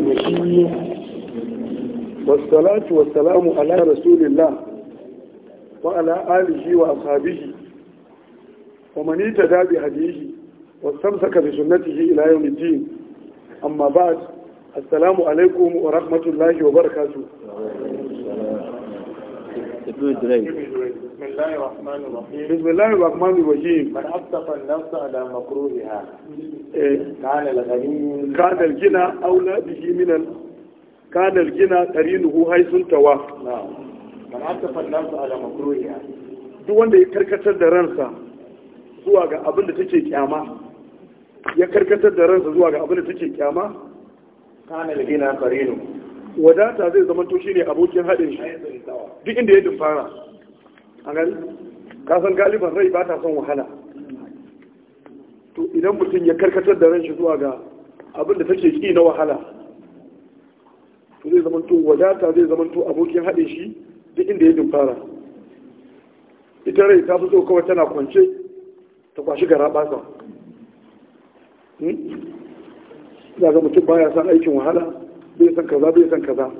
ne da shi ne wasalatu wasalamu ala rasulillah wa ala alihi wa ashabihi wa man ittaba bi hadihi wa samsaka bi sunnatihi ila yawm al-din amma ba'd assalamu alaikum wa rahmatullahi wa barakatuh بسم الله الرحمن الرحيم بسم الله الرحمن الرحيم من أبسط النفس على مكروهها كان الغني كان الجنى أولى به من ال... كان الجنى قرينه حيث انتوى نعم من أبسط النفس على مكروهها duk wanda ya karkatar da ransa zuwa ga abin da take kyama ya karkatar da ransa zuwa ga abin da take kyama wadata zai zama to shine abokin haɗin shi duk inda ya dumfara a gari kasan galiban rai ba ta son wahala to idan mutum ya karkatar da ran shi zuwa ga abin da take ki na wahala to zai zamanto wadata zai zamanto abokin haɗe shi duk inda ya dumfara ita rai ta fi so kawai tana kwance ta kwashi gara basa hmm? za ga mutum baya san aikin wahala bai san kaza bai san kaza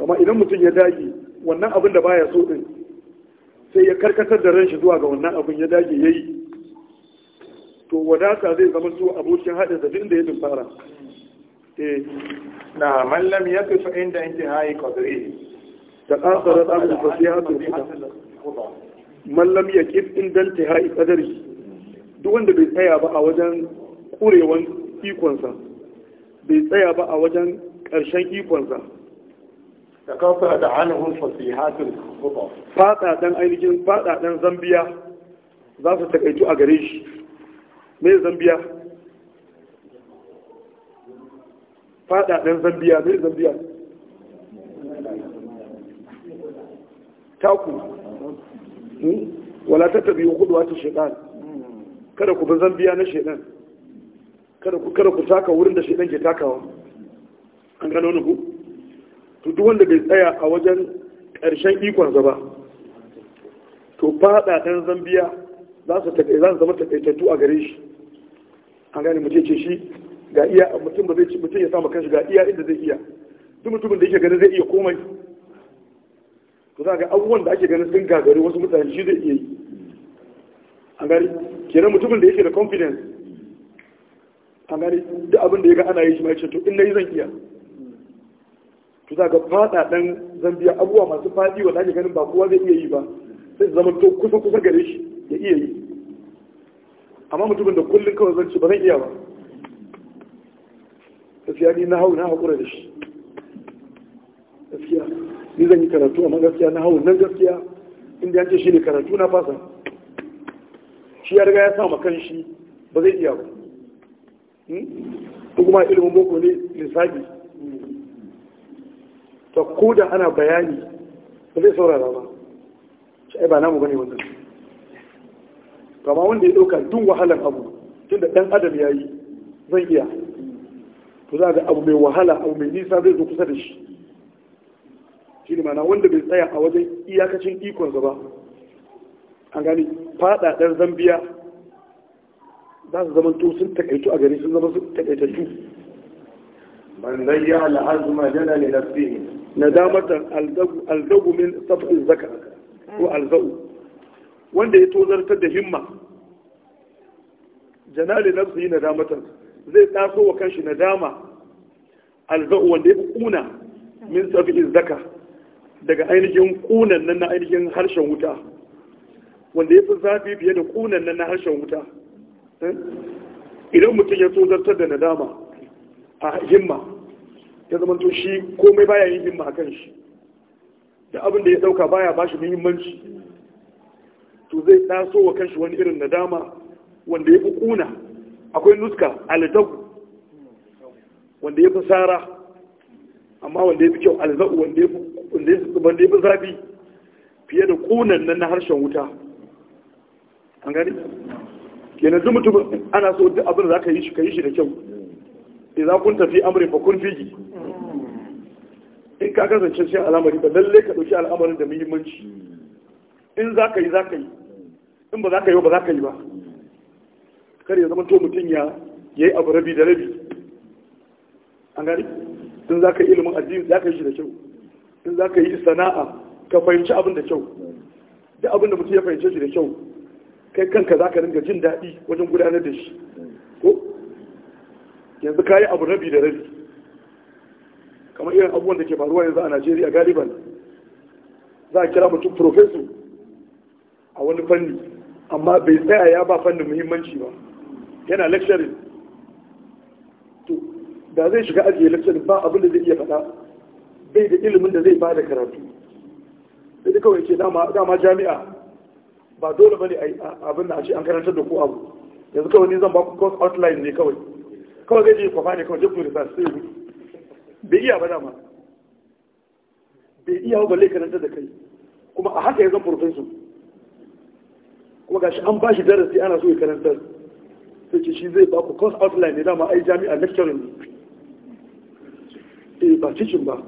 amma idan mutum ya dage wannan abin da baya so din sai ya karkatar da ranshi zuwa ga wannan abin ya dage ya yi to wadata zai zama su abokin haɗin da inda ya dumfara eh. na mallam ya fi fa'in da inda hayi kwadiri da ƙasar tsarin ya su kuɗa mallam ya ƙi indanta hayi ƙadari duk wanda bai tsaya ba a wajen ƙurewan ikonsa bai tsaya ba a wajen ƙarshen ikonsa da kafa da anahun fasihatul khutba fadadan ainihin fadadan zambiya za su takaitu a gare shi me zambiya fadadan zambiya me zambiya taku wala hudu wata shaytan kada ku bi zambiya na shaytan kada ku taka wurin da shaytan ke takawa an gano ni ku to duk wanda bai tsaya a wajen ƙarshen ikonsa ba to fada ɗan zambiya za su zama takaitattu a gare shi an gane mutum ce shi ga iya mutum ba zai ci mutum ya samu kanshi ga iya inda zai iya duk mutumin da yake ganin zai iya komai to za ga abubuwan da ake ganin sun gagari wasu mutane shi zai iya yi an gane kenan mutumin da yake da confidence an gane duk abin da ya ga ana yi shi ma ya ce to in na yi zan iya to za ga zan biya abubuwa masu faɗi wa ake ganin ba kowa zai iya yi ba sai zama to kusa kusa gare shi ya iya yi amma mutumin da kullum kawai zan ci ba zan iya ba gaskiya ni na hau na haƙura da shi gaskiya ni zan yi karatu amma gaskiya na hau nan gaskiya inda yanke shi ne karatu na fasa shi ya riga ya sa makan shi ba zai iya ba hmm? kuma ilimin boko ne lissafi to koda da ana bayani ba zai saurara ba shi ai ba namu bane wannan kama wanda ya dauka dun wahalar abu tun da dan adam ya yi zan iya to za ga abu mai wahala abu mai nisa zai zo kusa da shi shi ne mana wanda bai tsaya a wajen iyakacin ikonsa ba an gani dan zambiya za su zama to sun takaitu a gari sun zama su takaitattu من zayya al'azuma jana li nafsihi nadamatan alzagu min safi zaka ko alzau wanda ya tozartar da himma jana li nafsihi nadamatan zai taso wa kanshi nadama alzau wanda ya kuna min safi daga ainihin kunan nan na ainihin harshen wuta wanda ya fi zafi fiye da kunan nan na harshen wuta idan mutum ya tozartar da nadama a himma ya zama to shi komai baya yin himma a kan shi da abin da ya dauka baya bashi muhimmanci to zai taso wa kanshi wani irin nadama wanda ya fi kuna akwai nuska alzabu wanda ya fi sara amma wanda ya fi kyau alzau wanda ya fi zafi fiye da kunan nan na harshen wuta an gani kenan mutum ana so duk abin da za ka yi shi ka yi shi da kyau idza kun tafi amri fa kun fiji in ka kasance cikin al'amari ba lalle ka dauki al'amarin da muhimmanci in za ka yi za ka yi in ba za ka yi ba za ka yi ba kar ya zama to mutum ya yi abu rabi da rabi an gani in za ka yi ilimin addini za ka yi shi da kyau in za ka yi sana'a ka fahimci abin da kyau duk abin da mutum ya fahimce shi da kyau kai kanka za ka ringa jin daɗi wajen gudanar da shi ko yanzu kayi abu rabi da rabi kamar irin abubuwan da ke faruwa yanzu a najeriya galiban za a kira mutum profeso a wani fanni amma bai tsaya ya ba fannin muhimmanci ba yana lecturing to da zai shiga ajiye lecturing ba abin da zai iya faɗa bai da ilimin da zai ba da karatu da duka wai ce dama jami'a ba dole ba ne abin da a ce an karantar da ku abu yanzu kawai ni zan ba ku course outline ne kawai kawai zai je kwafa ne kawai jibbu da sai ya bai iya ba dama bai iya ba lai karanta da kai kuma a haka ya zan profesor kuma gashi an ba shi darasi ana so ya karanta sai ce shi zai ba ku course outline ne dama ai jami'a lecturing ne eh ba teaching ba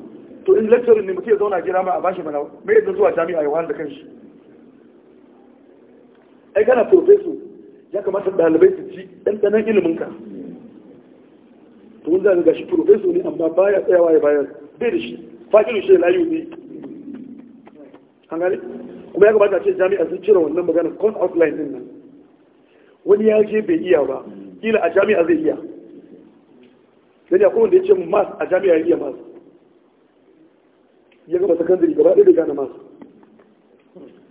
to in lecturing ne mutum ya zauna gida ma a bashi mana me yadda zuwa jami'a ya wahala da kanshi ai kana profesor ya kamata ɗalibai su ji ɗanɗanon ilimin ka to wanda ga shi profeso ne amma baya tsayawa ya bayar bai da shi fakin shi layu ne an kuma ya gabata ce jami'a sun cire wannan maganar con outline din nan wani ya je bai iya ba kila a jami'a zai iya sai ya wanda ya ce mas a jami'a ya iya mas ya gaba sakandare gaba ɗaya da gane mas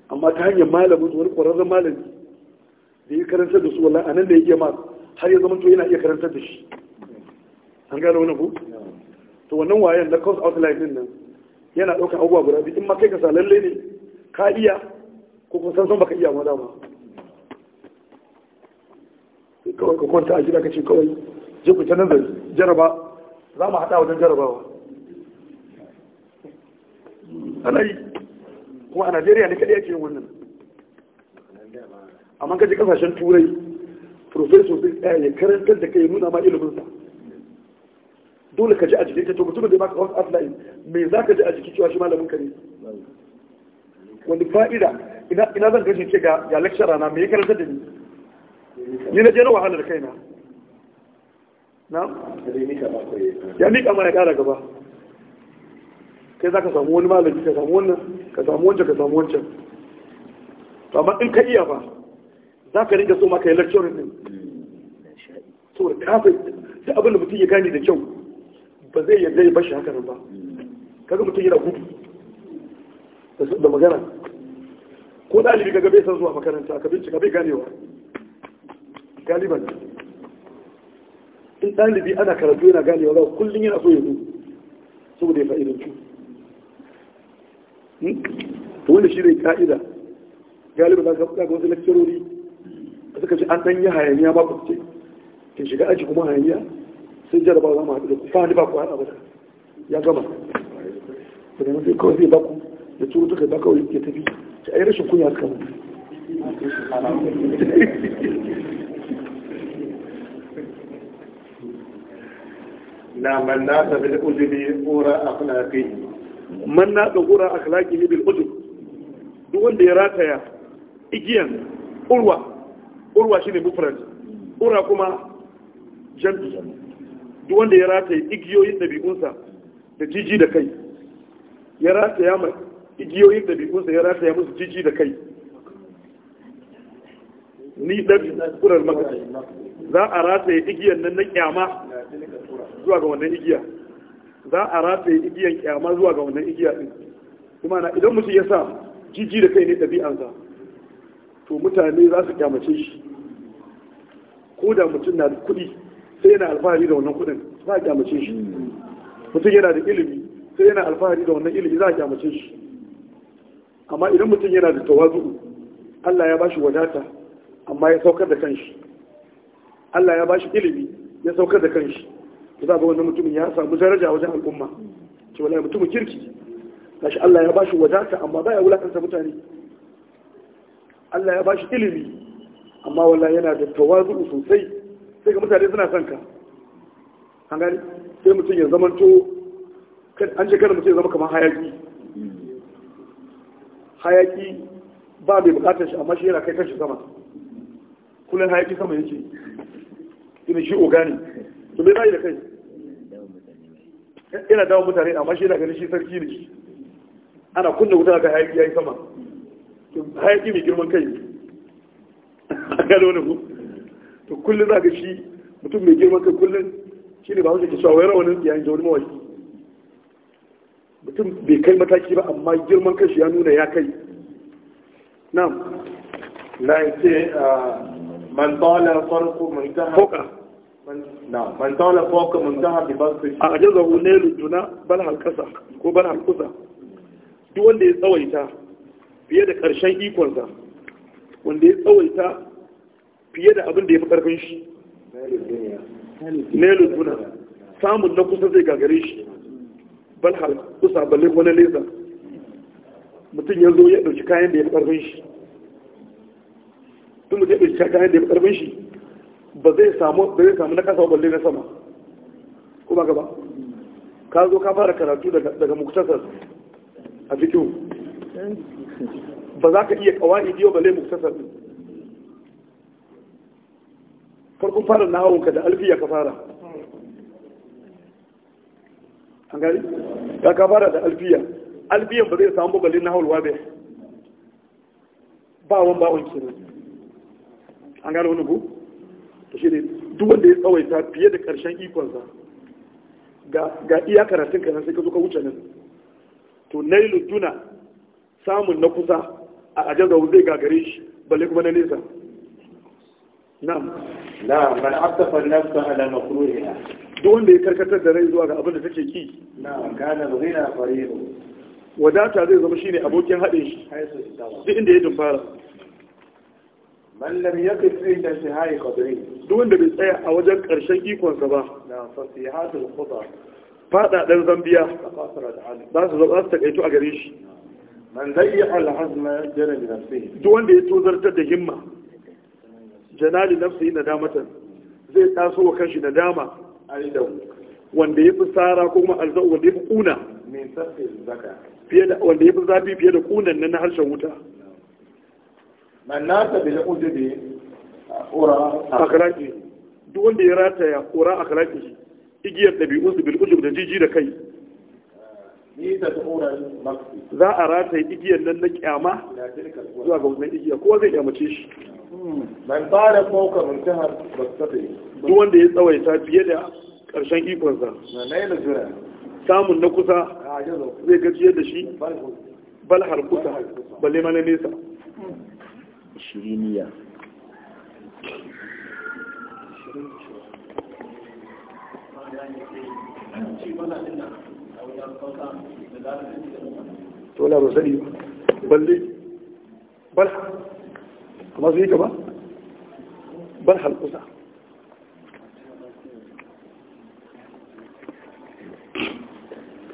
amma ta hanyar malamin wani ƙwararren malami da ya karanta da su wallahi a nan da ya iya mas har ya zama to yana iya karantar da shi an gano wani ku to wannan wayan na cause of din nan yana daukan abubuwa guda biyu in ma kai ka sa lalle ne ka iya ko kuma san san baka iya ma dama kawai ka kwanta a gida ka ce kawai je ku canza jaraba za mu haɗa wajen jarabawa ana yi kuma a najeriya ne kaɗai ake yin wannan amma kaji kasashen turai profesor zai tsaya ya karantar da kai nuna ma iliminsa dole ka ji a jikinka to mutumin da ya maka wasu afla'i me za ka ji a jiki cewa shi malamin ka ne wani fa'ida ina zan gaji ce ga ga lecturer na me ya karanta da ni ni na je na wahalar kaina na ya miƙa ma ya kara gaba kai za ka samu wani malami ka samu wannan ka samu wancan ka samu wancan to amma in ka iya ba za ka rinka so ma ka yi lecturer din saboda kafin duk abin da mutum ya gane da kyau ba zai yadda ya bashi haka nan ba kaga mutum yana gudu da magana ko ɗalibi kaga bai san zuwa makaranta ka bincika bai ganewa galiban in ɗalibi ana karatu yana ganewa za kullum yana so ya zo saboda ya fa'idantu hmm? to wanda shi ne ka'ida galiban za ka ga wasu lakcirori suka ce an ɗan yi hayaniya ba ku ce ke shiga aji kuma hayaniya sai jaraba za mu haɗu da ku fa ni ba ku haɗa ba ya gama daga nan sai kawai zai baku da kai ba kawai ke tafi ta ai rashin kunya suka mutu na man na ta bil ujubi qura akhlaqi man na ta qura akhlaqi bil ujub duk wanda ya rataya igiyan urwa urwa shine mufrad qura kuma jam'i duk wanda ya rataye igiyoyin ɗabi'unsa da jiji da kai ya rataya ma igiyoyin ɗabi'unsa ya rataya musu jiji da kai ni ɗan kurar maka za a rataye igiyan nan na kyama zuwa ga wannan igiya za a rataye igiyan kyama zuwa ga wannan igiya ɗin kuma na idan mutum ya sa jiji da kai ne ɗabi'ansa to mutane za su kyamace shi ko da mutum na da kuɗi sai yana alfahari da wannan kuɗin za a kyamace shi mutum yana da ilimi sai yana alfahari da wannan ilimi za a kyamace shi amma idan mutum yana da tawazu Allah ya bashi wadata amma ya saukar da kanshi Allah ya bashi ilimi ya saukar da kanshi za ga wannan mutumin ya samu daraja wajen al'umma ce wallahi mutumin kirki gashi Allah ya bashi wadata amma baya wulakanta mutane Allah ya bashi ilimi amma wallahi yana da tawazu sosai sai ga mutane suna son ka an gani sai mutum ya zama to an ce kada mutum ya zama kamar hayaki hayaki ba mai bukatar shi amma shi yana kai kanshi sama kullum hayaki sama yake ina shi ogani to bai bayi da kai yana dawo mutane amma shi yana ganin shi sarki ne ana kunna wuta ga hayaki ya yi sama hayaki mai girman kai a gani wani ku to kullum za ka shi mutum mai girman kai kullum shi ne ba wanda ke cewa wai rawanin ya yi zaune mawaki mutum bai kai mataki ba amma girman kai shi ya nuna ya kai Na na yace ah, man tala farqu muntaha foka na man tala foka muntaha bi basri a ajaza hu ne lujuna bal halkasa ko bal halkusa duk wanda ya tsawaita fiye da ƙarshen ikonsa wanda ya tsawaita fiye da abin da ya fi ƙarfin shi lailu duna samun na kusa zai gagare shi bal har kusa balle ko na leza mutum ya zo ya ɗauki kayan da ya fi ƙarfin shi tun mutum ya ɗauki kayan da ya fi ƙarfin shi ba zai samu ba zai samu na kasa balle na sama kuma gaba ka zo ka fara karatu daga muktasar a cikin ba za ka iya kawai biyo balle muktasar farko fara nahawunka da alfiya ka fara an gari ya ka fara da alfiya alfiyan ba zai samu bugalin nahawul wabe ba wani ba wan kenan an gari wani bu ta shi ne duk wanda ya tsawaita fiye da ƙarshen ikonsa ga iya karatun kanan sai ka zuka ka wuce nan to nailu duna samun na kusa a da zai gagare shi balle kuma na nesa na'am la man asafa an-nafsa ala makruhiha duk wanda ya karkatar da rai zuwa ga abin da take ki na'am kana ghina farihu wadata zai zama shine abokin hadin shi duk inda ya dumfara man lam yaqif inda shihai qadri duk wanda bai tsaya a wajen karshen ikonsa ba na fasihatul khuda fadadan zambiya za su zama su takaitu a gare shi man zayya al-hazma jara bi nafsihi duk wanda ya tozartar da himma janali nafsi nadamatan zai taso wa kanshi dama. aidan wanda ya fi sara ko kuma alzau wanda ya fi kuna wanda ya fi zafi fiye da kunan nan na harshen wuta man nasa bil ujubi ura akhlaqi duk wanda ya rataya ura akhlaqi igiyar dabi'un su bil ujub da jiji da kai za a rata igiyar nan na kyama zuwa ga wannan igiya kowa zai kyamace shi man fara duk wanda ya tsawaita fiye da ƙarshen ikonsa samun na kusa zai gajiyar da shi bal har kusa balle mana nesa shiriniya tola balle خلاص ايه كمان bal halkusa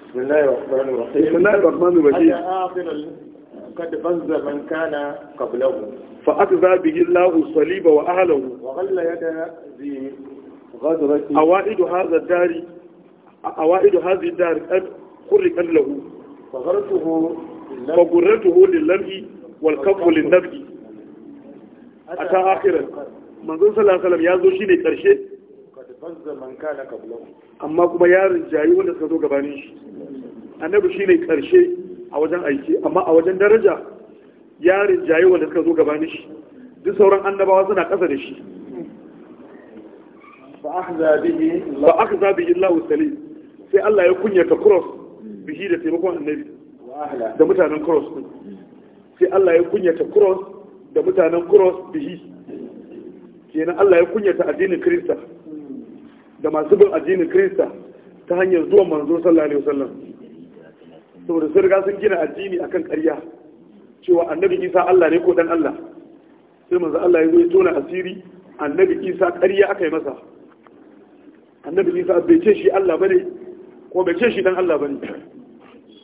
بسم الله الرحمن الرحيم بسم الله الرحمن الرحيم آخر قد فز من كان قبله فأخذ به الله الصليب وأهله وغل يد ذي غدرة أوائد هذا الدار أوائد هذه الدار قد خرق له فغرته فغرته للنبي والكف للنبي a ta akirar manzon salasalam ya zo shi ne ƙarshe amma kuma yarin jayi wanda suka zo gabanin shi annabi shi ne ƙarshe a wajen aiki amma a wajen daraja yarin jayi wanda suka zo gabanin shi duk sauran annabawa suna ƙasa da shi ba ka zaɓi illahu salim sai Allah ya kunyata cross bihi da taimakon annabi da mutanen cross sai Allah ya kunyata cross da mutanen cross bihi kenan Allah ya kunyata addinin Kirista da masu bin addinin Kirista ta hanyar zuwan manzo sallallahu alaihi wasallam saboda sun riga sun gina addini akan ƙarya cewa annabi Isa Allah ne ko dan Allah sai manzo Allah ya zo ya tona asiri annabi Isa ƙarya aka yi masa annabi Isa bai ce shi Allah bane ko bai ce shi dan Allah bane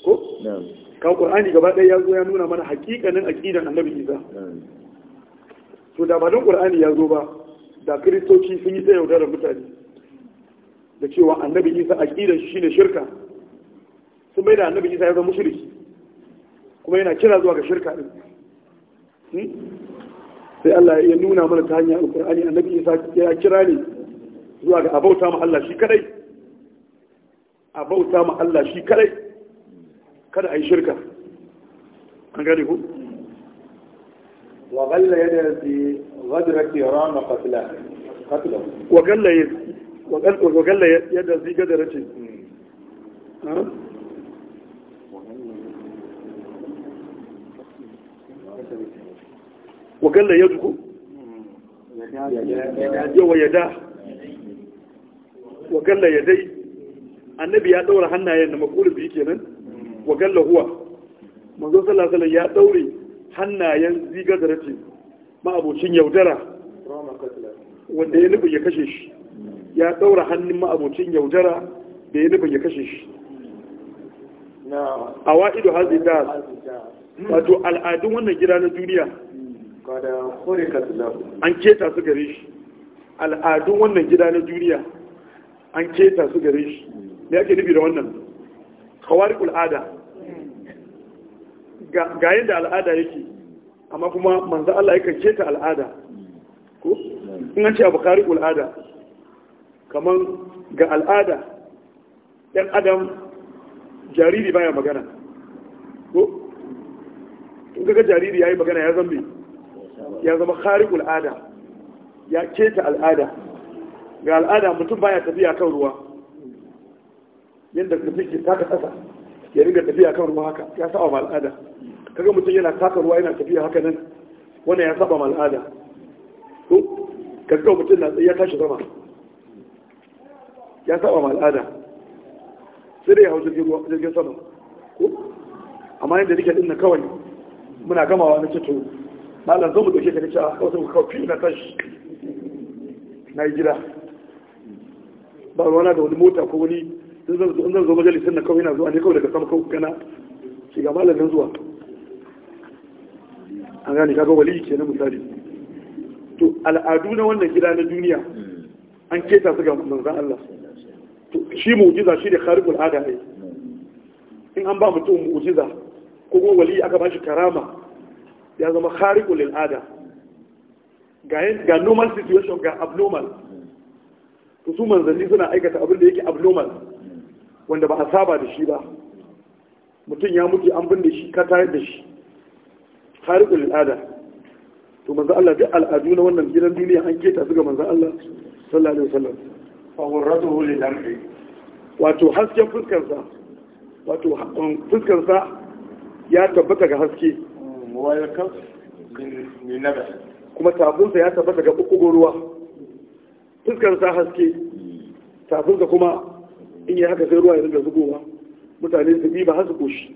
ko na'am ka Qur'ani gaba ɗaya ya zo ya nuna mana hakikanin aqidan annabi Isa to da ba don qur'ani ya zo ba da kiristoci sun yi ta yaudarar mutane da cewa annabi isa a ƙidan shi ne shirka sun bai da annabi isa ya zama mushriki kuma yana kira zuwa ga shirka din hmm? sai Allah ya nuna mana ta hanyar alqur'ani annabi isa ya kira ne zuwa ga abauta ma Allah shi kadai abauta ma Allah shi kadai kada a yi shirka an gane ku وغل يده في غدرة إيران وقتله قتله وغل يده وغل يده في غدرة وقال يده yawa yada wa annabi ya daura hannayen da makulun biyu kenan wa galla huwa manzo sallallahu alaihi ya daure hannayen zigazarati ma'abocin yaudara wanda ya nufin ya kashe shi ya daura hannun ma'abocin yaudara da ya nufin ya kashe shi a wa'ido hazita wato al'adun wannan gida na duniya an keta su gare shi al'adun wannan gida na duniya an keta su gare shi ne ake nufi da wannan kawar al'ada ga yadda al'ada yake amma kuma manzo Allah yakan ta al'ada ko in an ce abu kari al'ada Kaman ga al'ada ɗan adam jariri baya magana ko in ga jariri yayi magana ya zambe ya zama kari al'ada ya keta al'ada ga al'ada mutum baya tafiya kan ruwa yadda mutum ke taka ƙasa ya ringa tafiya kan ruwa haka ya saba ma al'ada kaga mutum yana taka ruwa yana tafiya haka nan wannan ya saba ma al'ada to kaga mutum na tsaye ya tashi sama ya saba ma al'ada sai dai ya hau jirgin ruwa jirgin sama ko amma yadda nake din na kawai muna gamawa na cito malam zo mu dauke ka ne cewa ah, kawai sai ku kawai fiye na tashi na yi gida ba ruwana da wani mota ko wani in zan zo majalisar na kawai na zuwa ne kawai daga sama kawai gana shiga malamin zuwa an gane kaga wali ke na misali to al'adu na wannan gida na duniya an keta su ga manzan Allah to shi mu'jiza shi da kharibul ada ne in an ba mutum mu'jiza ko kuma wali aka ba shi karama ya zama kharibul al'ada ga normal situation ga abnormal to su manzanni suna aikata abin da yake abnormal wanda ba a saba da shi ba mutum ya mutu an binne shi ka tayar da shi harikul al'ada to manzo Allah duk al'adu na wannan gidan duniya an keta su ga manzo Allah sallallahu alaihi wasallam fa warratuhu li dambi wato hasken fuskarsa wato um, fuskarsa ya tabbata ga haske kuma tafinsa ya tabbata ga ukugun ruwa fuskarsa haske tafinsa kuma in yi haka sai ruwa ya rinka zubowa mutane su bi ba hasu su koshi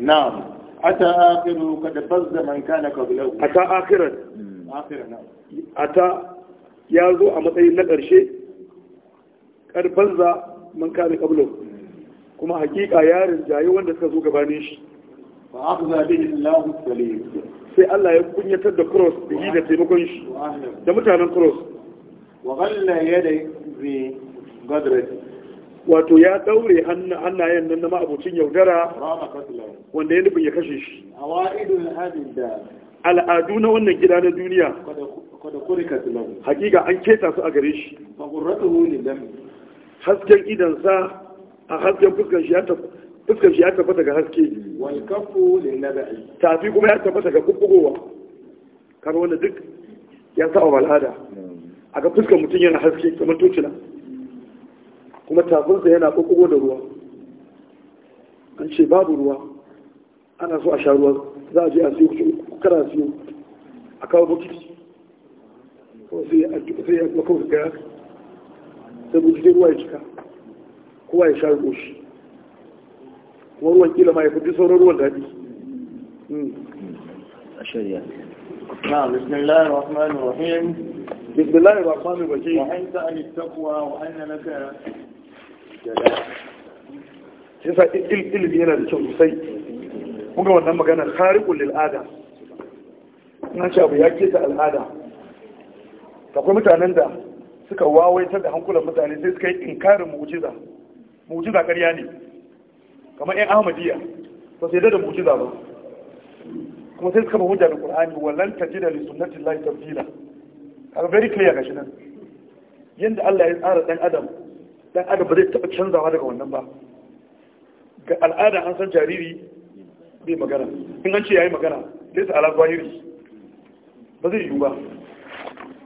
na'am ata akhiru kad bazza man kana kabilau ata akhiran hmm. ata ya zo a matsayin na ƙarshe kad za man kana qablahu kuma hakika yarin jayi wanda suka zo gabanin shi fa akhza bihi Allahu salim sai Allah ya kunyatar da cross da yi da taimakon shi da mutanen cross wa ya da bi gadrati wato ya daure hannayen nan na ma'abucin yaudara wanda ya nufin ya kashe shi al'adu na wannan gida na duniya hakika an keta su a gare shi hasken idansa a hasken fuskar shi ya tabbata ga haske tafi kuma ya tabbata ga kubbogowa kar wanda duk ya sa wa al'ada hmm. a ga fuskar mutum yana haske kamar tocila kuma tafinsa yana kokogo da ruwa an ce babu ruwa ana so a sha ruwa za a je a siyo kukara siyo a kawo bukiti sai ya su gaya sai bukiti ruwa ya cika kowa ya sha shi kuma ruwan kila ma ya fi sauran ruwan daɗi hmm. a shirya بسم الله بسم الله الرحمن الرحيم وأنت عن التقوى وأن لك yasa ilimi yana da kyau sosai muga wannan maganar khariqul lil ada na ce abu ya keta al'ada akwai mutanen da suka wawaitar da hankulan mutane sai suka yi inkarin mu'jiza mu'jiza ƙarya ne kamar ƴan ahmadiyya ba sai da mu'jiza ba kuma sai suka ba hujja da qur'ani wallan tajida ni sunnati llahi tabdila a very clear gashi nan yadda Allah ya tsara ɗan adam ɗan adam ba zai taɓa canzawa daga wannan ba ga al'ada an san jariri bai magana in an ce ya yi magana zai sa'ala alagwayiri ba zai yiwu ba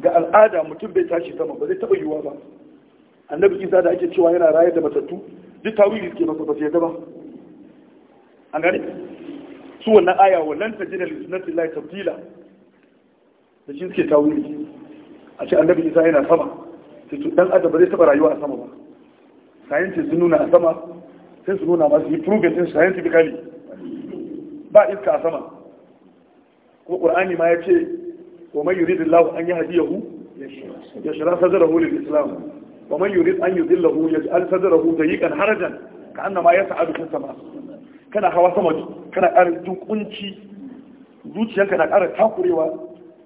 ga al'ada mutum bai tashi sama ba zai taɓa yiwuwa ba annabi isa da ake cewa yana rayar da matattu duk tawili suke masa ba su yadda ba an gane su wannan aya wa tajina li sunnati llahi tabdila da shi suke tawili a ce annabi isa yana sama sai to dan adam ba zai taba rayuwa a sama ba scientists sun nuna a sama sai sun nuna masu yi proven din scientifically ba iska a sama kuma qur'ani ma ya ce wa man yuridillahu an yahdiyahu yashra sadrahu lil islam ومن يريد أن يذله يجعل صدره ضيقا حرجا كأنما يسعد في السماء كان هوا سمج كان أرى دوكونشي zuciyarka na ƙara takurewa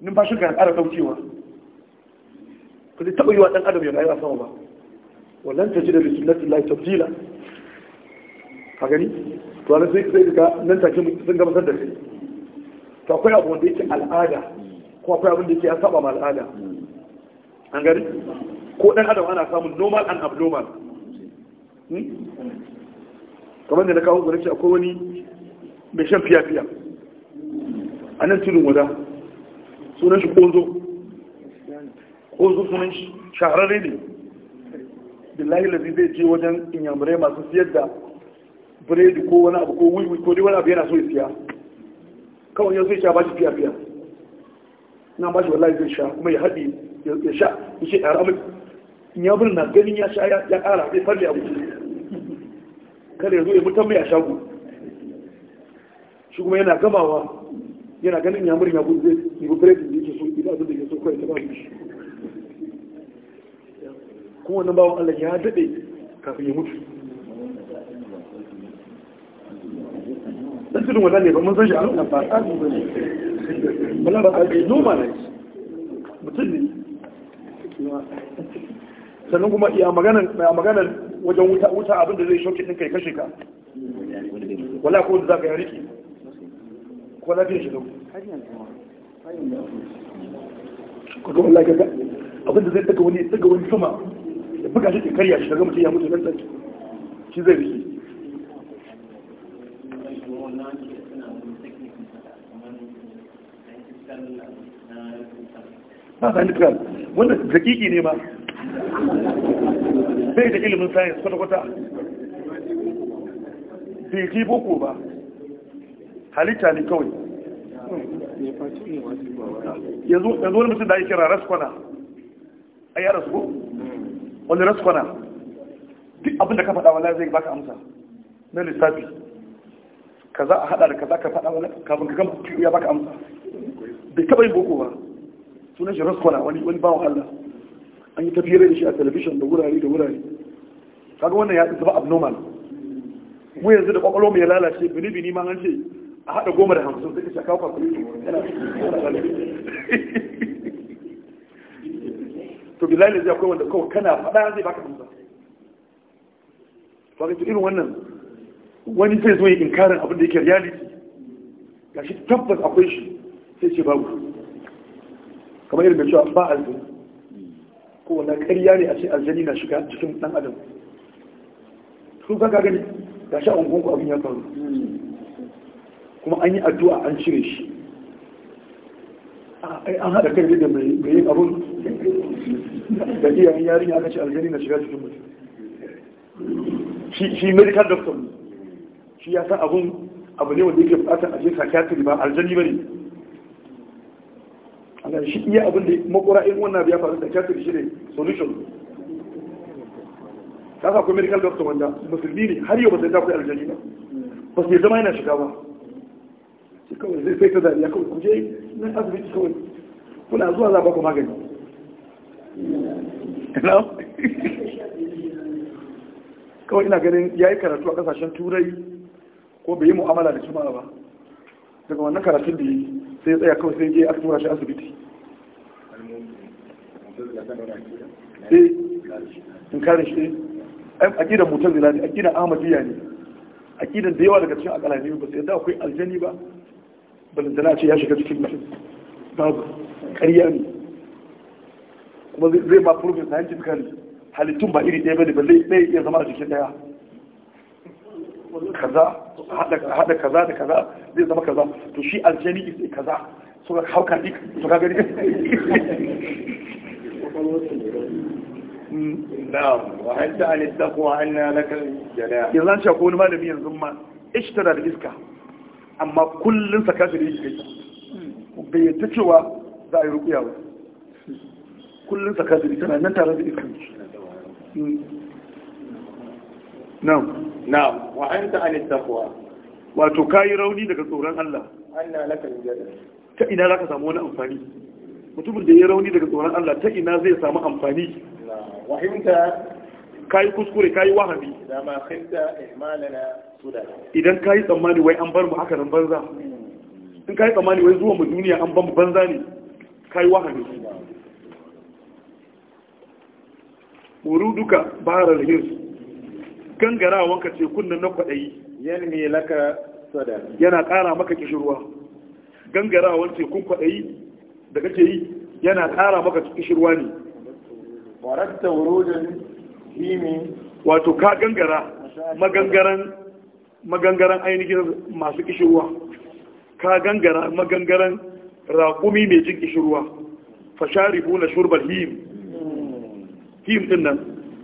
numfashinka na ƙara ɗaukewa Ka zai taɓa yi wa ɗan adam ya yi a sama ba wannan ta ce da bisullatin lai tabdila a gani to wani sai zai ka nan take sun zan da kai to akwai abu wanda yake al'ada ko akwai abin da yake ya saba ma al'ada an gani ko ɗan adam ana samun normal and abnormal hmm? kamar da na kawo gudunci akwai wani mai shan fiya-fiya a nan tilin wada sunan shi ƙozo ko zukunin shahararri ne billahi lafi zai je wajen inyamurai masu siyar da biredi ko wani abu ko wuyi ko dai wani abu yana so ya siya kawai yanzu ya sha bashi fiya fiya na bashi wallahi zai sha kuma ya haɗi ya sha ya ce ɗara mai inyamur na ganin ya sha ya ƙara zai farle abu kada ya zo ya mutan mai a shago shi kuma yana gamawa yana ganin inyamur ya gudu zai yi biredi da yake so idan abin da yake so kawai ta ba shi Kuma kowane bawon Allah ya daɗe kafin ya mutu dan tudun ba mun shi ba mutum ne sannan kuma iya maganan wajen wuta wuta zai shauke ɗin kai kashe ka wala ko za ka yi riki ko lafiyar shi don ka ga wallahi ka zai daga wani sama da buga shi karya shi daga mutum ya mutu nan nan shi zai rike ba scientifical wanda zakiki ne ba bai da ilimin science kwata-kwata bai ji boko ba halitta ne kawai yanzu wani mutum da ya kira raskwana a yara rasu. wani raskwana duk abin da ka faɗa wala zai baka amsa na lissafi ka za a haɗa da za ka faɗa wala kafin ka gama ya baka amsa bai taɓa yin boko ba sunan shi raskwana wani wani bawon Allah an yi tafiyar da shi a telebishin da wurare da wurare kaga wannan ya zaba abnormal mu yanzu da kwakwalwa mai lalace bini bini ma an ce a haɗa goma da hamsin sai ka shaka kwakwalwa yana billahi zai akwai wanda kawai kana faɗa zai baka amsa to ga irin wannan wani zai zo ya inkarin abin da yake reality ga shi tabbas akwai shi sai ce babu kamar irin da cewa ba a zai ko wani ƙarya ne a ce aljani na shiga cikin ɗan adam sun zaka gani ga shi a unguwanku abin ya faru kuma an yi addu'a an cire shi an haɗa kai da mai yin abun da iyayen yarinya aka ce aljani na shiga cikin mutum shi medical doctor ne shi ya san abun abu ne wanda yake bukatar aje je psychiatry ba aljani bane ana shi iya abin da makura in wannan biya faru psychiatry shi ne solution kasa akwai medical doctor wanda musulmi ne har yau ba sai ta akwai aljani ba ba sai zama yana shiga ba kawai zai sai ta dariya kawai kuje nan asibiti kawai kuna zuwa za ku magani kawai ina ganin ya yi karatu a kasashen turai ko bai yi mu'amala da jama'a ba daga wannan karatun da yi sai tsaya kawai sai je a tura shi asibiti eh in kare shi eh. akidan mutazila ne akidan ahmadiyya ne akidan da yawa daga cikin akalani ba sai da akwai aljani ba بل الدناء في هاشك في المحل بعض خريان وما زي ما قلوا بيسنا انت بكان حال التنبا إلي تيباني بل ليه ليه زمان في كده كذا هذا كذا كذا ليه زمان كذا تشي الجني إسي كذا سوى خاو كاتيك سوى خاو كاتيك نعم وحتى ان التقوى ان لك الجناح اذا شكون ما لم ينظم اشترى الاسكه amma kullum sa kashi da yake bai yadda cewa za a yi rukuya ba kullum sa kashi tana nan tare da iskan Na na wa ta an taqwa wato kayi rauni daga tsoron Allah anna laka jada ta ina zaka samu wani amfani mutumin da ya rauni daga tsoron Allah ta ina zai samu amfani wa anta kai kuskure kai wahabi da ma khinta ihmalana idan ka yi tsammani wai an bar mu haka nan banza in ka yi tsammani wai zuwa mu duniya an ban mu banza ne ka yi wahani wuruduka baharar hirs gangarawanka ce kunnan na kwaɗayi yalmi laka sada yana ƙara maka kishirwa Gangara ce kun kwaɗayi da kake yi yana ƙara maka kishirwa ne himi wato ka gangara magangaran magangaran ainihin masu kishirwa ka gangara magangaran raƙumi mai jin kishirwa fashari na shurbar him him din nan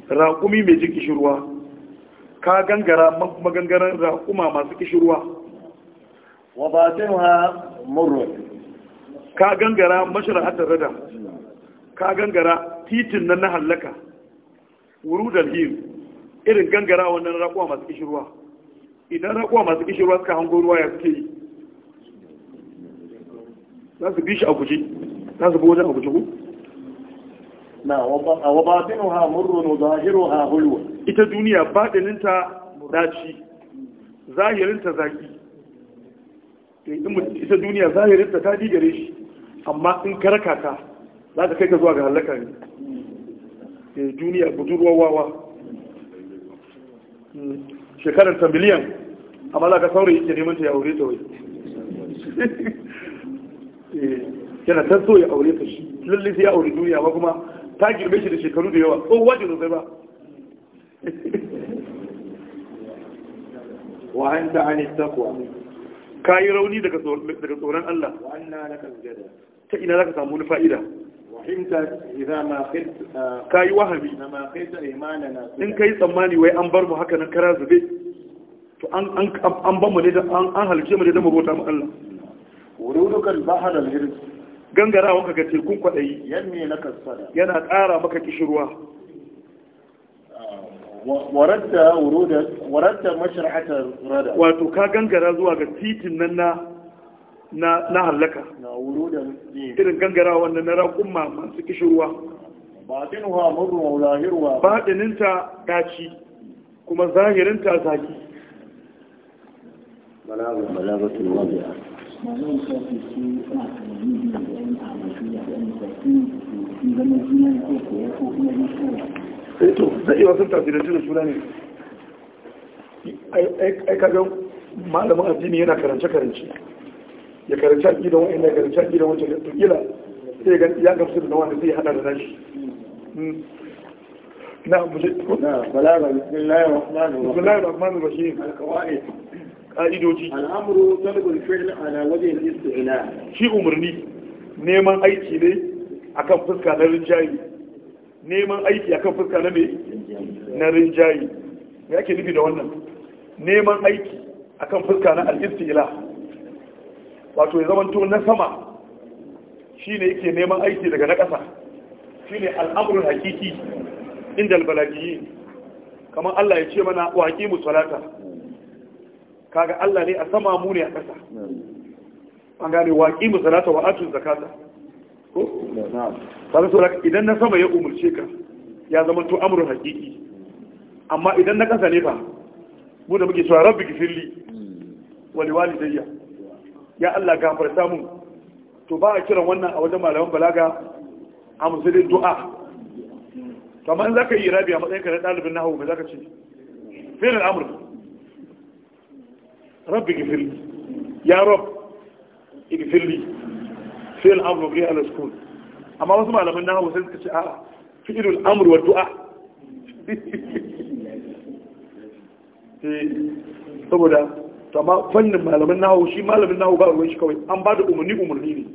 raƙumi mai jin kishirwa ka gangara magangaran raƙuma masu kishirwa wa ba ha murwa ka gangara mashara'atar rada ka gangara titin nan na hallaka da him irin gangara wannan raƙuma masu kishirwa idan raguwa masu kishirwa suka hango ruwa ya suke yi za su bi shi a guje za su bi wajen a guje ku na a wabatinu ha murrun zahiru ha hulwa ita duniya baɗininta daci zahirinta zaki ita duniya zahirinta ta digare shi amma in karaka ta za ta kai ka zuwa ga halaka ne eh, duniya budurwa wawa hmm, shekarar ta miliyan amma za ka saurin yake neman ta ya aure ta wai eh, yana ta so ya aure ta shi lalle sai ya aure duniya ba kuma ta girbe shi da shekaru da yawa waje da zai ba wa an ta an kuwa ka yi rauni daga tsoron Allah ta ina za ka samu wani fa'ida ka yi wahami in ka yi tsammani wai an bar mu haka nan kara zube to an ban mu ne da an halice mu ne da mu bauta mu Allah wurudukan bahar alhirs gangarawa kaga tekun kwadayi yanne na kasada yana ƙara maka kishirwa waratta wurudat waratta mashrahata rada wato ka gangara zuwa ga titin nan na na na halaka na wurudan irin gangara wannan na raƙumma masu kishirwa batinuha murru wa zahiruha batininta daci kuma zahirinta zaki balagatun wabi'a eh to zai wasu suna ne ai malamin addini yana karance-karance ya karance a gidan wa'in ya karance a gidan wancan to ila sai ya gamsu da hada da nashi hmm. na muje na balaga bismillahir rahmanir rahim ka'idoji al'amru talabul fi'l ala wajhi al shi umarni neman aiki ne akan fuska na rinjayi neman aiki akan fuska na me na rinjayi me yake nufi da wannan neman aiki akan fuska na al ila wato ya zamanto na sama shine yake neman aiki daga na ƙasa shine al'amrul hakiki inda al kamar Allah ya ce mana wa aqimus salata kaga Allah ne a sama mu ne a ƙasa an gane waƙi mu salata wa atun zakata ko sai so idan na sama ya umurce ka ya zama to amrun haqiqi amma idan na ƙasa ne fa mu da muke cewa rabbi gifirli wa liwalidayya ya Allah gafarta mun to ba a kiran wannan a wajen malaman balaga a musulun du'a kamar za ka yi rabi a matsayin ka na ɗalibin nahawu me za ka ce fi'il al'amur rabbi gifirli ya rab gifirli sai al'amru ga ala sukun amma wasu malaman na hawa sai suka ce a'a fi'ilul amru wa du'a saboda amma fannin malaman nawo shi malamin nawo ba ruwan shi kawai an ba da umarni umarni ne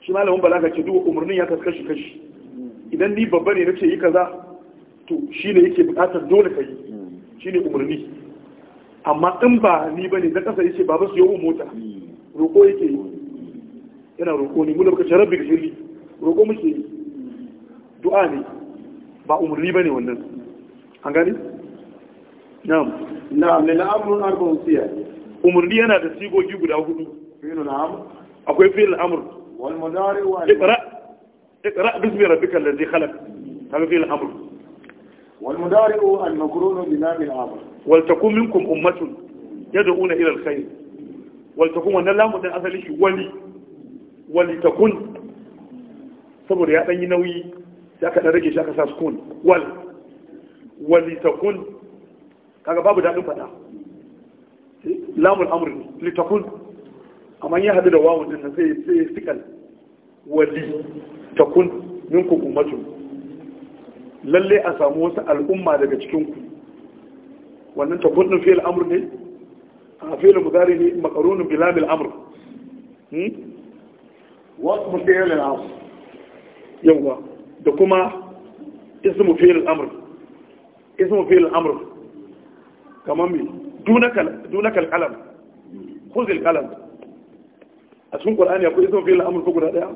shi malamin balaga ce duk umarnin ya kaskashi kashi idan ni babba ne na ce yi kaza to shi ne yake bukatar dole ka yi shi ne umarni amma in ba ni ba ne na ƙasa yace ba su yawon mota roƙo yake yi yana roƙo ne muna bukaci rabbi gashiri roƙo muke yi du'a ne ba umarni ba ne wannan an gani? na'am na'am lil amrun arba'un siya umarni yana da sigogi guda hudu fi'lul amr akwai fi'lul amr wal mazari wa iqra iqra bismi rabbikal ladzi khalaq kaga fi'lul amr والمدارع المقرون بنام الامر ولتكن منكم امه يدعون الى الخير ولتكن wannan lamu din asali shi wali walitakun saboda ya dan yi nauyi sai aka dan rage shi aka sa sukun wal walitakun kaga babu dadin fada lamul amr litakun amma ya hadu da wawun din sai sai sikal wali takun minkum ummatun lalle a samu wasu al'umma daga cikin ku wannan tabbun fi'il amr ne a fi'il mudari ne makarun bilamil amr hmm wasu mu fi'il amr yawa da kuma ismu fi'il amr ismu fi'il amr kamar me dunaka alqalam khudh alqalam a cikin qur'ani akwai ismu fi'il amr ko guda ɗaya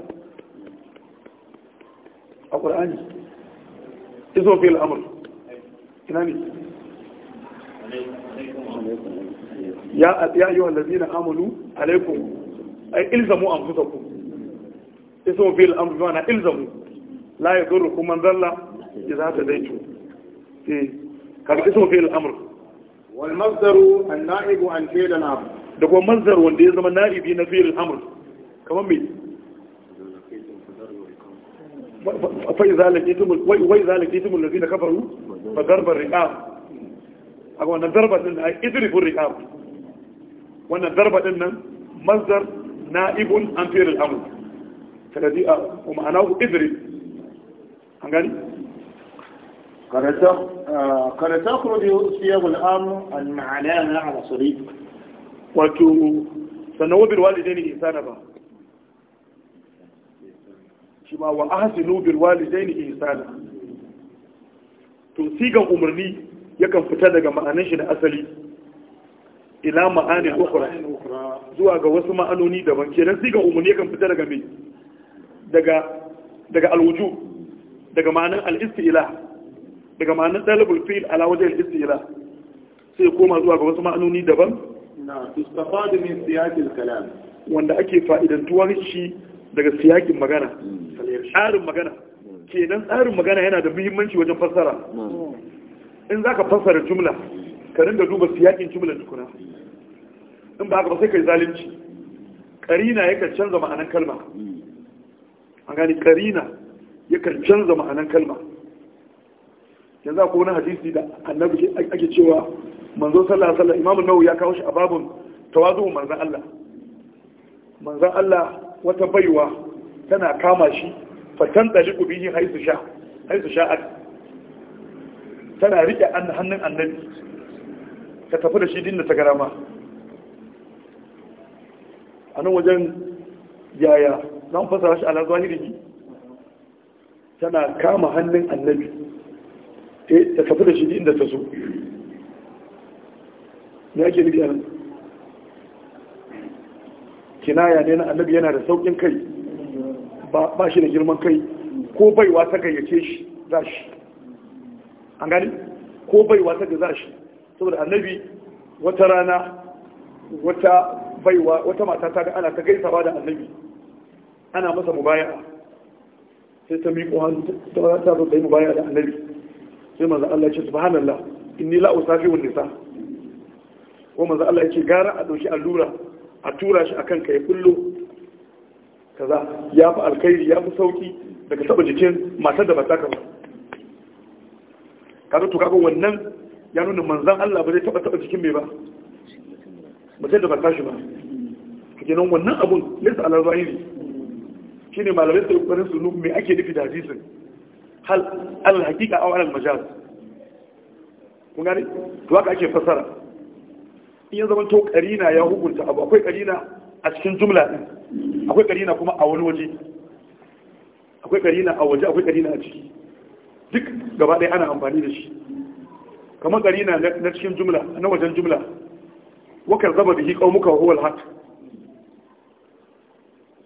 a qur'ani izo fil amr ina ne ya ya ayyuhal ladina amanu alaikum ay ilzamu anfusakum izo fil amr bima'ana ilzamu la yadurrukum man dalla idza tadaytu eh kaga izo fil amr wal masdaru an na'ibu an fi'l al amr da kuma masdar wanda ya zama na'ibi na fi'l al kamar mai. وإذا لقيتم الذين كفروا فضرب الرقاب أقول أن الضربة إن اضربوا الرقاب وأن الضربة إن مصدر نائب عن فعل الأمر فالذي آه، ومعناه اضرب هنغاني قد تخرج آه، صيغ الأمر عن معناها على صريح وتو سنوبر والدين إنسانا بقى shi ma wa ahsinu bil walidaini ihsana to sigan umarni yakan fita daga ma'anar shi na asali ila ma'anin ukhra zuwa ga wasu ma'anoni daban kenan sigan umarni yakan fita daga me daga daga alwuju daga ma'anar al-istila daga ma'anar talabul fil ala wajhi al-istila sai koma zuwa ga wasu ma'anoni daban na istafada min siyaqil kalam wanda ake fa'idantuwar shi daga siyakin magana tsarin hmm. magana kenan tsarin magana yana da muhimmanci wajen fassara hmm. in za ka fassara jumla ka ringa duba siyakin jumlar tukuna in ba ka ba sai kai zalunci karina kan canza ma'anan kalma hmm. an gani karina kan canza ma'anan kalma yanzu ko wani hadisi da annabi ake cewa manzo sallallahu alaihi wasallam imamu nawawi ya kawo shi a babun tawazu manzan Allah manzan Allah wata baiwa tana kama shi fatan tsali yin haisu sha haisu sha'ad tana riƙe an hannun annabi ta tafi da shi dinda ta garama a nan wajen yaya zan fasara shi ala zahiri tana kama hannun annabi eh, ta tafi da shi inda ta so ya ke nufi a nan kinaya ne na annabi yana da saukin kai ba shi da girman kai ko baiwa ta gayyace shi za shi an gani ko baiwa ta za shi saboda annabi wata rana wata baiwa wata mata ta ga ana ta gaisa ba da annabi ana masa mubaya sai ta miƙo hannu ta ta zo ta yi mubaya da annabi sai manzo Allah ya ce subhanallah inni la usafi wan nisa ko manzo Allah ya ce gara a doshi allura a tura shi a ka ya kullo kaza ya fi alkhairi ya fi sauki daga saba jikin matar da ba ta kama kaga to kaga wannan ya nuna manzan Allah ba zai taba taba jikin mai ba mutum da ba tashi ba nan wannan abun nisa ala zahiri ne malamai sai kokarin su nufi me ake nufi da hadisin hal alhaƙiƙa a aw Majalis. majaz kun gane to haka ake fassara in ya zama to karina ya hukunta abu akwai karina a cikin jumla din akwai karina kuma a wani waje akwai karina a waje akwai karina a ciki duk gaba ɗaya ana amfani da shi kamar karina na cikin jumla na wajen jumla wakar zaba da qaumuka wa huwa hat.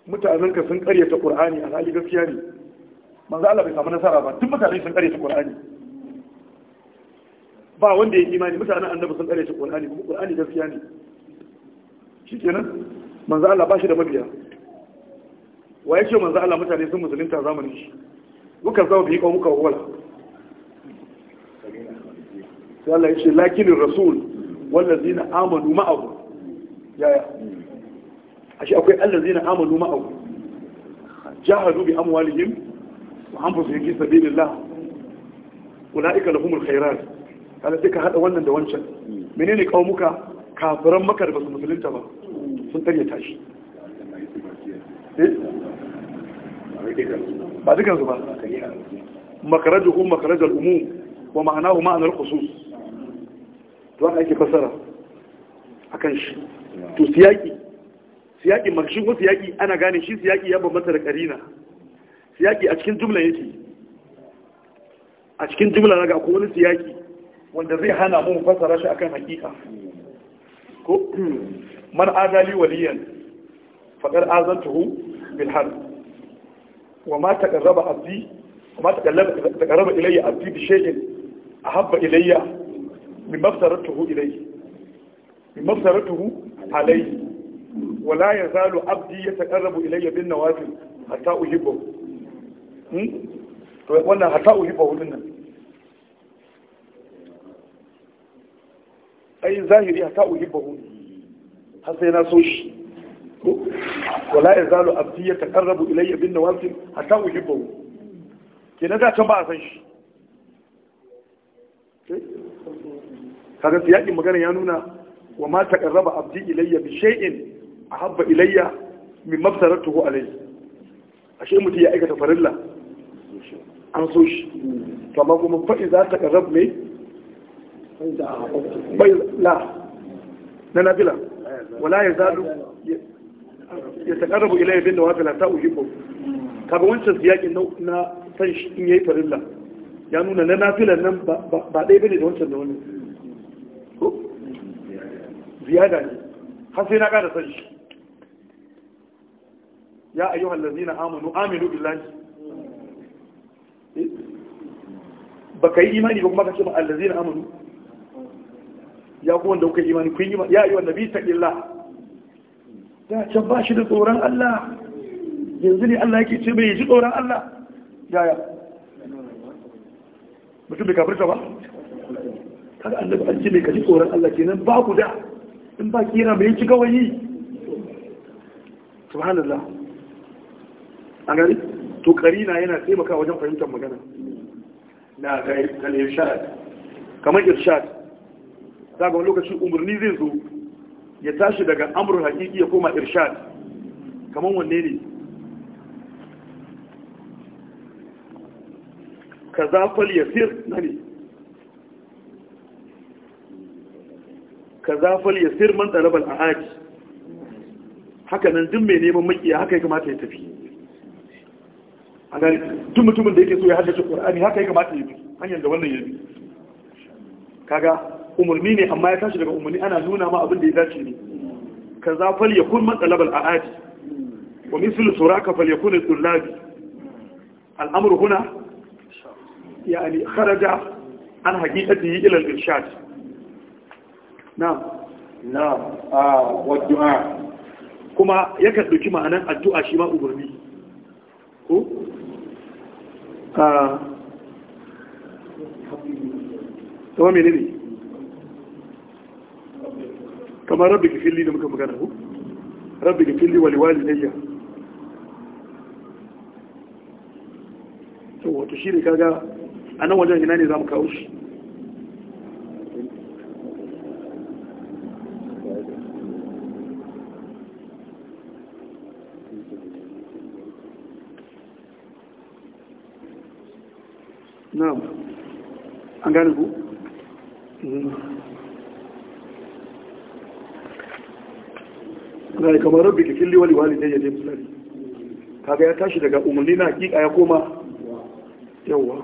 mutanen ka sun karyata qur'ani a halin gaskiya ne manzo Allah bai samu nasara ba duk mutane sun karyata qur'ani ba wanda ya imani mutanen annabi sun kare shi qur'ani kuma qur'ani gaskiya ne shikenan manzo Allah ba shi da mabiya wa yake manzo Allah mutane sun musulunta zamanin shi muka zama bi ko muka wala sai Allah ya ce lakin rasul wallazina amanu ma'ahu yaya ashe akwai allazina amanu ma'ahu jahadu bi amwalihim wa anfusihim fi sabilillah ulaika lahumul khairat kada sai ka hada wannan da wancan menene kaumuka kafiran maka da basu musulunta ba sun tarye tashi eh? ba dukkan su ba hu makarajal umum wa ma'anahu ma'anar khusus to aka yake fasara akan shi to siyaki siyaki makshi ko siyaki ana gane shi siyaki ya bambanta da karina siyaki a cikin jumla yake a cikin jumla daga ko wani siyaki wanda zai hana mu fasara shi akan hakika ko man adali waliyan faqad azantuhu bil harb wa ma taqarraba abdi wa ma taqarraba taqarraba ilayya abdi bi shay'in ahabba ilayya mimma aftaratuhu ilayhi mimma aftaratuhu alayhi wa la yazalu abdi yataqarrabu ilayya bin nawafil hatta uhibbu hmm? wannan hatta uhibbu hudun nan ai zahiri hatta uhibbahu har sai na so shi wala yazalu abdi yataqarrabu ilayya bin nawafil hatta uhibbahu kenan da can ba a san shi kaga siyakin magana ya nuna wa ma takarraba abdi ilayya bi shay'in ahabba ilayya min mabtaratuhu alayhi ashe mutum ya aikata farilla an so shi to amma kuma fa idza taqarrab ne bai la na nafila wala ya zalu ya taqarrabu ilayya bin nawafil hatta uhibbu kaga wancan siyakin na san shi in yayi farilla ya nuna na nafilan nan ba ɗaya bane da wancan da wani ziyada ne har sai na ƙara san shi ya ayyuhal ladzina amanu aminu billahi eh? baka yi imani ba kuma ka ce ba allazina Aminu. ya ku wanda kuka yi imani kun yi ya yi wanda bi illa. Ya can ba shi da tsoron Allah yanzu ne Allah yake ce bai ji tsoron Allah Ya ya. mutum bai kafirta ba an annabi an ce bai kaji tsoron Allah kenan ba ku da in ba kira bai ci gawayi subhanallah an gani to karina yana taimaka wajen fahimtar magana na ga kalin sha'ad kamar irshad za lokacin umarni zai zo ya tashi daga amurin haƙiƙi ya koma irshad kamar wanne ne ka zafal ya sir na ne ka zafal ya sir man tsarabar a aji haka nan jin mai neman makiya haka ya kamata ya tafi a gari tun mutumin da yake so ya haddace ƙwar'ani haka ya kamata ya bi hanyar da wannan ya bi kaga umarni ne amma ya tashi daga umarni ana nuna ma abin da ya dace ne ka za fal ya kun matsalabal a aji. wa misali tsora ka fal ya kun tsullabi al'amur huna ya ne kharaja an da yi ilal irshad na na a ah, wadda kuma ya yakan ɗauki ma'anan addu'a shi ma umarni ko? Ah. a tsawon menene kamar rabbi filli da muka magana ku rabbi wali ne ya to wato shi ne kaga a nan wajen ina ne za mu kawo shi na'am an gane ku mm-hmm. suna kamar rabbi ka liwali wali wali ya je kaga ya tashi daga umarni na hakika ya koma yawwa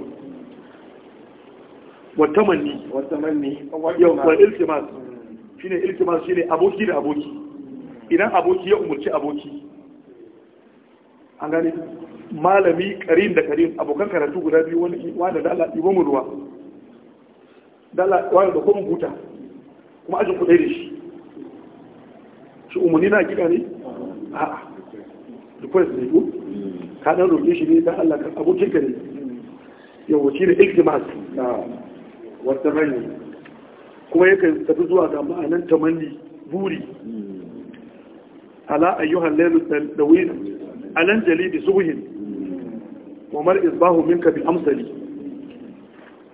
watamanni watamanni yawwa iltimas shine iltimas shine aboki da aboki idan aboki ya umarci aboki an gane malami karin da karin abokan karatu guda biyu wani wanda da Allah ɗibo mu ruwa da Allah wanda da kuma buta kuma ajin kuɗai da shi su umarni na hakika ne a'a request ne ko ka dan roƙe shi ne dan Allah ka abokin ka ne da shi ne iltimas wata tamanni kuma yakan tafi zuwa ga ma'anan tamanni buri ala ayyuhan lailu dawil alan jalidi subhin wa mar isbahu minka bi amsali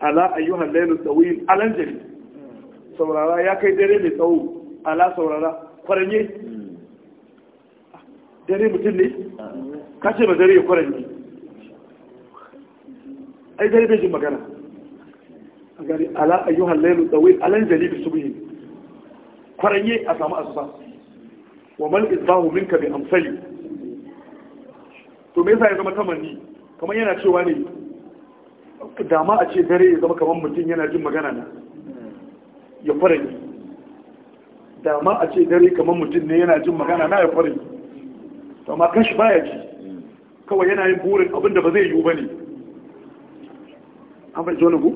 ala ayyuhan lailu A alan jali saurara ya kai dare mai tsawo ala saurara kwaranye hmm. dare mutum ne ka ce ba dare ya kwaranye ai dare bai jin magana a gari ala ayyuhan lailu tsawai alan jalibi su biyu kwaranye a samu asuba wa mal isbahu minka bi amsali to me yasa ya zama tamanni kamar yana cewa ne dama a ce dare ya zama kamar mutum yana jin magana na hmm. ya fara da ma a ce dare kamar mutum ne yana jin magana na ya kware to ma kashi baya ji kawai yana yin burin abin da ba zai yiwu ne an fahimci jona ku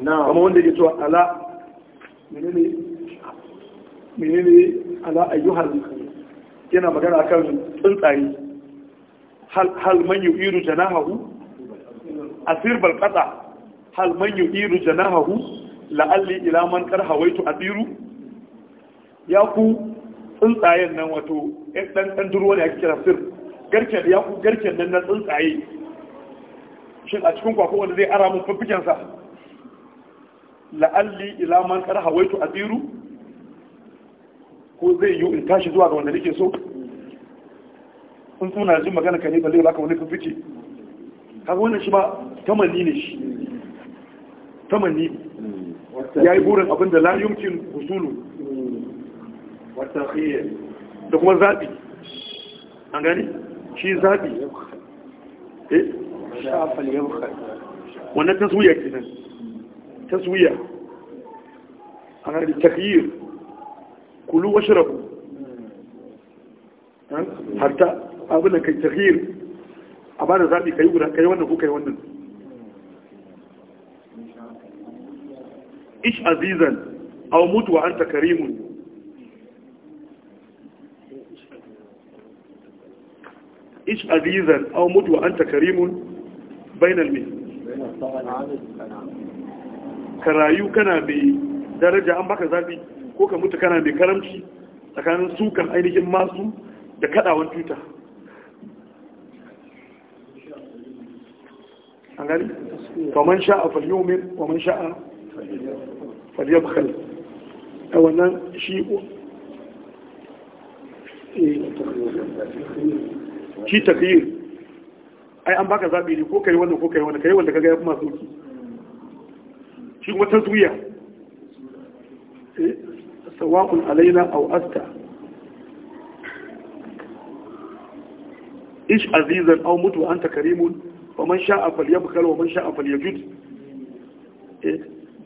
na kuma wanda ke cewa ala menene menene ala ayyuhal yana magana kan tsuntsaye hal man yu'iru janahu asir balqata hal man yu'iru janahu la'alli ila man kar hawaitu adiru ya ku tsuntsayen nan wato eh, ɗan ɗan duruwa ne ake kira sir garken ya ku garken nan na tsuntsaye shin a cikin kwakwa wanda zai ara mun sa la'alli ila man kar hawaitu adiru ko zai yi in tashi zuwa ga wanda nake so sun suna jin magana ka ne ba zai baka wani fifike kaga wannan shi ba tamanni ne shi tamanni ya yi burin abin da la yumkin husulu da kuma zaɓi an gani shi zaɓi eh? wannan taswiya ke nan taswiya an gani takhiyir kulu wa shirabu hatta abin da kai takhiyir a ba da zaɓi ka yi wannan ko ka yi wannan ish azizan aw mut wa anta karimun ish azizan aw mut wa anta karimun karayu kana mai daraja an baka zabi ko ka mutu kana mai karamci tsakanin sukan ainihin masu da kadawan tuta an sha'a sha'a falyabkhal a wannan shi shi takhir ai an baka zaɓi ne ko kai wannan ko kai wannan kai wanda kaga yafi masu ki shi kuma ta taswiya sawa'un alaina au asta ish azizan aw mutu ta karimun wa man sha'a falyabkhal wa man sha'a falyajud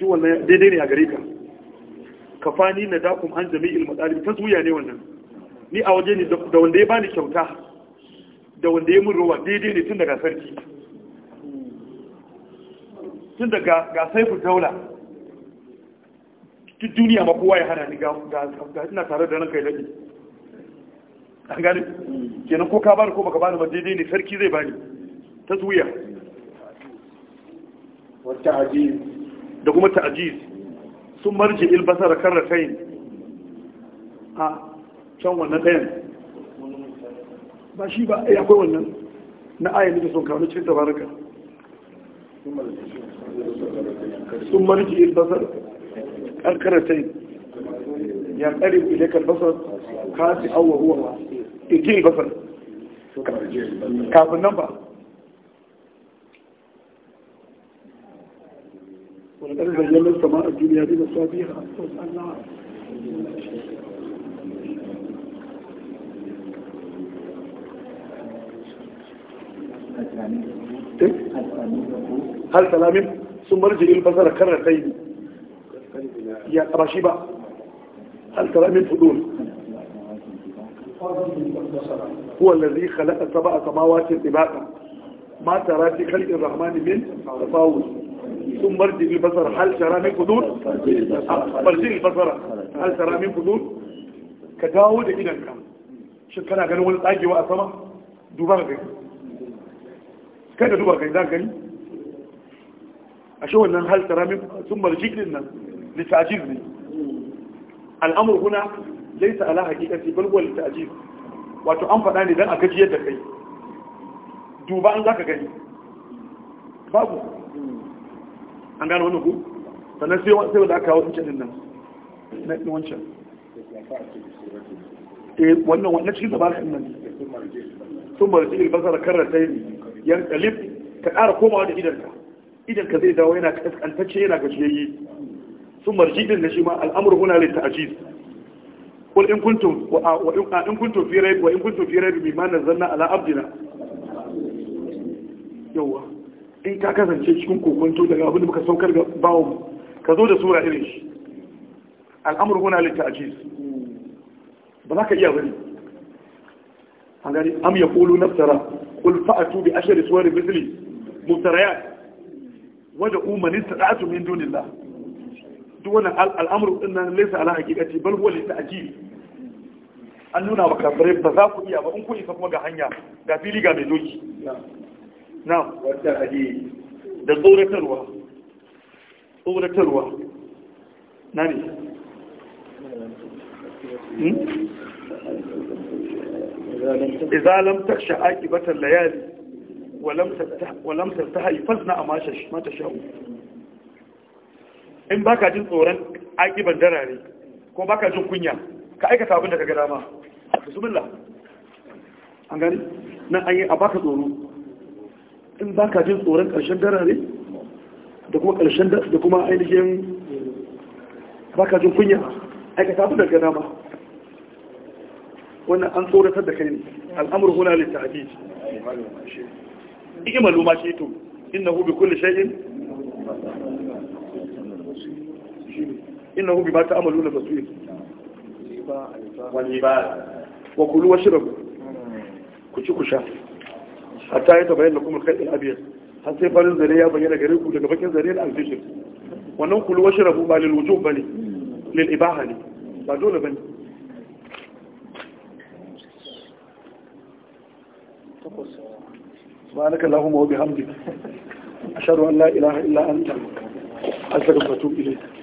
duk wannan daidai ne a gare ka kafani na dakum an ilmu matsalib ta zuya ne wannan ni a waje ne da wanda ya bani kyauta da wanda ya mun rowa daidai ne tun daga sarki tun daga ga saifu daula Tun duniya ma kowa ya hana ni ga ina tare da ranka ya daɗe an gani kenan ko ka bani ko baka bani ma daidai ne sarki zai bani ta zuya wata ajiyu da kuma ta'ajiz sun marji ilbasar karratain a can wannan ɗayan ba shi ba ya eh, akwai wannan na ayyar da sun kawo cikin tabaraka sun marji ilbasar karratain ya ƙarin ilaikar basar kasi auwa huwa ba ijil basar kafin nan ba ولقد زينا السماء الدنيا بمصابيح أنفسنا هل كلام ثم رجع البصر قيد يا رشيبة هل كلام فضول هو الذي خلق سبع سماوات طباقا ما ترى في خلق الرحمن من تفاوت kun marji ilbasar hal tara min fudur marji ilbasar hal tara min fudur ka dawo da idanka shin kana tsagewa a sama duba ka gani kai da duba kai za gani a shi hal tara min sun marji nan litajiz ne bal wato an faɗa ne don a gajiyar da kai duba an ka gani babu an gano wannan ku sannan sai wanda aka kawo wancan nan na wancan eh wannan wannan cikin kan nan sun cikin basar karar ta yi yan kalif ka ƙara komawa da idanka idanka zai dawo yana kaskantacce yana gajiyayye sun barci din da shi ma al'amur huna lai ta'ajiz wa in kuntum fi كنتم wa in kuntum fi في bi ma نزلنا ala abdina يوه in ka kasance cikin kokonto daga abin da muka saukar ga bawon ka zo da sura irin shi al'amur guna litta ajiz ba za ka iya bari an gani am ya kulu naftara kul fa'atu bi ashari suwari misli muftarayat wada umanin sada'atu min dunillah duk wannan al'amur din nan laysa ala haqiqati bal huwa litta ajiz an nuna ba kafirai ba za ku iya ba in ku isa kuma ga hanya ga fili ga mai doki na wata hadi da tsoratarwa tsoratarwa na ne izalam ta sha'aƙi batar layali walamtar ta haifar na a mata sha'u in baka jin tsoron akiban darare ko baka jin kunya ka aikata abin da ka ga dama bismillah an gani nan an yi a baka tsoro in ba ka jin tsoron ƙarshen dara ne da kuma ƙarshen da kuma ainihin ba ka jin kunya aikata abu daga nama wannan an tsoratar da kai al'amur huna lil ta'did ike ma shi to innahu bi kulli shay'in innahu bima wani ba wa kulu washrabu ku ci ku sha hatta ya tabayyana lakum kuma khayr al-abyad har sai farin zare ya bayyana gare ku daga bakin zare al-fishir wannan kulu washrabu ba lil wujub bane lil ne ba dole bane سبحانك اللهم وبحمدك أشهد أن لا إله إلا أنت أستغفرك وأتوب إليك